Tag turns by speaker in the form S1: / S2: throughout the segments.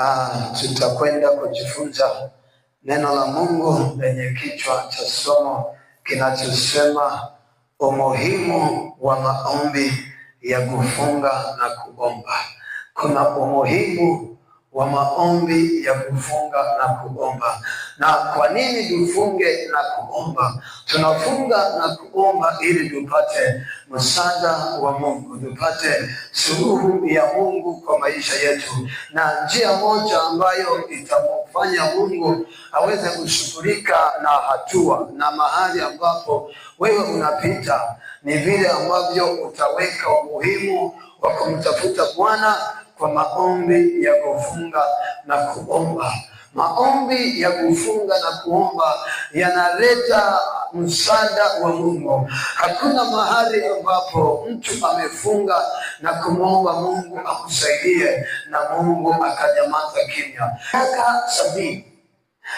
S1: Ah, tutakwenda kujifunza neno la Mungu lenye kichwa cha somo kinachosema umuhimu wa maombi ya kufunga na kuomba. Kuna umuhimu wa maombi ya kufunga na kuomba. Na kwa nini tufunge na kuomba? Tunafunga na kuomba ili tupate msaada wa Mungu, tupate suluhu ya Mungu kwa maisha yetu, na njia moja ambayo itamfanya Mungu aweze kushughulika na hatua na mahali ambapo wewe unapita, ni vile ambavyo utaweka umuhimu wa kumtafuta Bwana kwa maombi ya kufunga na kuomba. Maombi ya kufunga na kuomba yanaleta msaada wa Mungu. Hakuna mahali ambapo mtu amefunga na kumwomba Mungu akusaidie na Mungu akanyamaza kimya. Miaka sabini,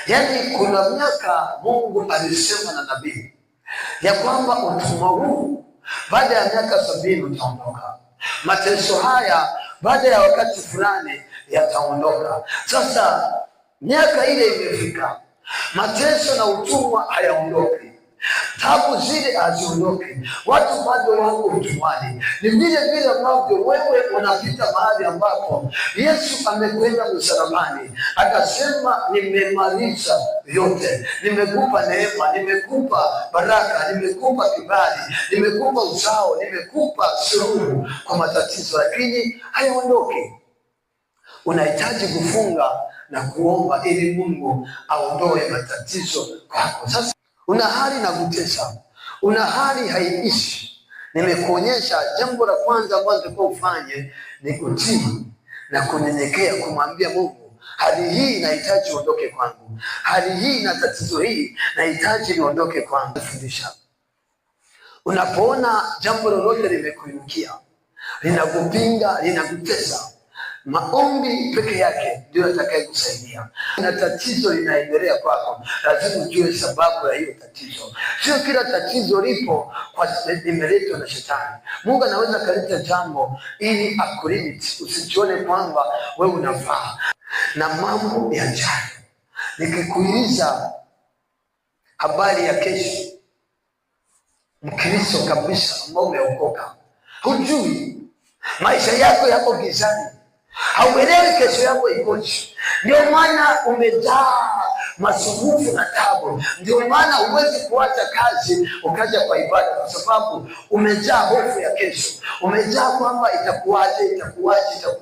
S1: yaani kuna miaka Mungu alisema na nabii ya kwamba utumwa huu baada ya miaka sabini utaondoka. Mateso haya baada ya wakati fulani yataondoka. Sasa miaka ile imefika, mateso na utumwa hayaondoki. Tabu zile haziondoke, watu bado wako utumwani. Ni vile vile ambavyo wewe unapita mahali ambapo Yesu amekwenda msalabani, akasema nimemaliza yote, nimekupa neema, nimekupa baraka, nimekupa kibali, nimekupa uzao, nimekupa suluhu kwa matatizo, lakini hayaondoki. Unahitaji kufunga na kuomba ili Mungu aondoe matatizo kwako sasa Una hali na una hali haiishi. Nimekuonyesha jambo la kwanza ambalo takiwa ufanye ni kutii na kunyenyekea, kumwambia Mungu, hali hii inahitaji uondoke kwangu, hali hii na tatizo hii nahitaji liondoke kwangu. Fundisha unapoona jambo lolote limekuinukia, linakupinga, linakutesa Maombi peke yake ndio atakayekusaidia. Na tatizo linaendelea kwako, lazima ujue sababu ya hiyo tatizo. Sio kila tatizo lipo kwa limeletwa na shetani. Mungu anaweza akaleta jambo ili akulimit, usijione kwamba wewe unafaa na mambo ya jana. Nikikuuliza habari ya kesho, Mkristo kabisa ambao umeokoka, hujui maisha yako yako gizani Hauelewi kesho yako ikoje. Ndio maana umejaa masumbufu na tabu. Ndio maana huwezi kuacha kazi ukaja kwa ibada, kwa sababu umejaa hofu ya kesho, umejaa kwamba itakuwaje, itakuwaje, itakuwaje.